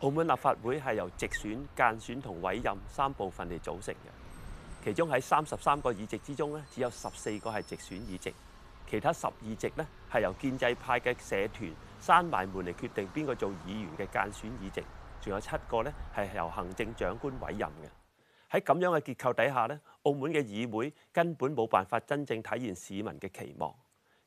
澳門立法會係由直選、間選同委任三部分嚟組成嘅，其中喺三十三個議席之中咧，只有十四個係直選議席，其他十二席咧係由建制派嘅社團閂埋門嚟決定邊個做議員嘅間選議席，仲有七個咧係由行政長官委任嘅。喺咁樣嘅結構底下咧，澳門嘅議會根本冇辦法真正體現市民嘅期望。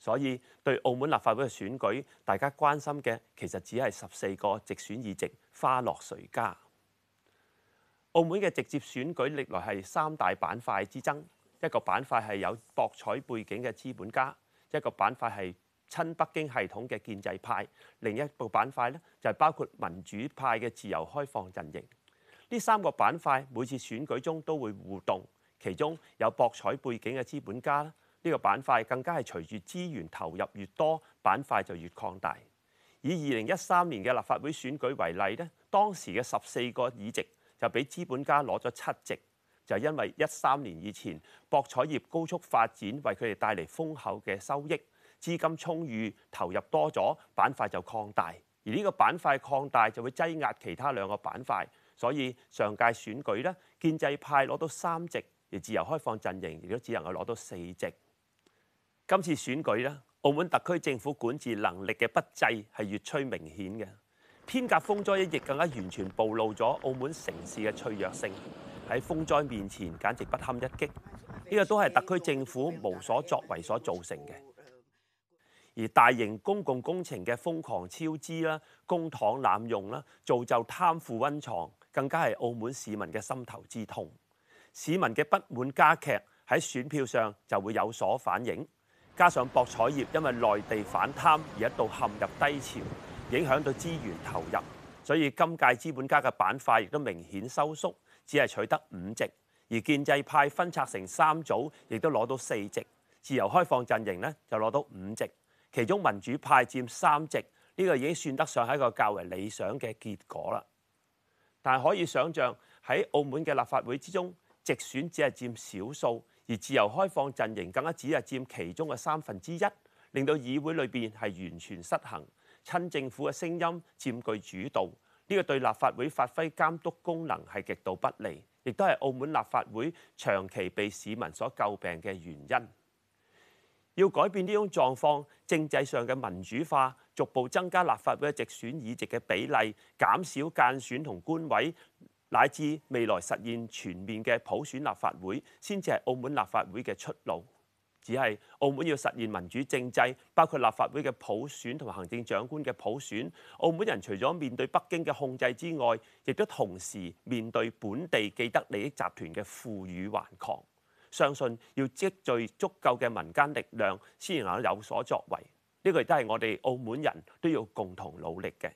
所以對澳門立法會嘅選舉，大家關心嘅其實只係十四個直選議席花落誰家。澳門嘅直接選舉歷來係三大板塊之爭，一個板塊係有博彩背景嘅資本家，一個板塊係親北京系統嘅建制派，另一個板塊呢就係包括民主派嘅自由開放陣營。呢三個板塊每次選舉中都會互動，其中有博彩背景嘅資本家。呢個板塊更加係隨住資源投入越多，板塊就越擴大。以二零一三年嘅立法會選舉為例呢，當時嘅十四個議席就俾資本家攞咗七席，就係因為一三年以前博彩業高速發展，為佢哋帶嚟豐厚嘅收益，資金充裕，投入多咗，板塊就擴大。而呢個板塊擴大就會擠壓其他兩個板塊，所以上屆選舉呢，建制派攞到三席，而自由開放陣營亦都只能夠攞到四席。今次選舉啦，澳門特區政府管治能力嘅不濟係越趨明顯嘅。天鴿風災一役更加完全暴露咗澳門城市嘅脆弱性，喺風災面前簡直不堪一擊。呢個都係特區政府無所作為所造成嘅。而大型公共工程嘅瘋狂超支啦、公帑濫用啦，造就貪腐溫床，更加係澳門市民嘅心頭之痛。市民嘅不滿加劇，喺選票上就會有所反映。加上博彩業因為內地反貪而一度陷入低潮，影響到資源投入，所以今屆資本家嘅板塊亦都明顯收縮，只係取得五席；而建制派分拆成三組，亦都攞到四席；自由開放陣營呢，就攞到五席，其中民主派佔三席，呢個已經算得上係一個較為理想嘅結果啦。但可以想象喺澳門嘅立法會之中，直選只係佔少數。而自由開放陣營更加只係佔其中嘅三分之一，令到議會裏邊係完全失衡，親政府嘅聲音佔據主導。呢個對立法會發揮監督功能係極度不利，亦都係澳門立法會長期被市民所詬病嘅原因。要改變呢種狀況，政制上嘅民主化，逐步增加立法會直選議席嘅比例，減少間選同官委。乃至未來實現全面嘅普選立法會，先至係澳門立法會嘅出路。只係澳門要實現民主政制，包括立法會嘅普選同埋行政長官嘅普選。澳門人除咗面對北京嘅控制之外，亦都同時面對本地既得利益集團嘅負隅頑抗。相信要積聚足夠嘅民間力量，先能夠有所作為。呢個亦都係我哋澳門人都要共同努力嘅。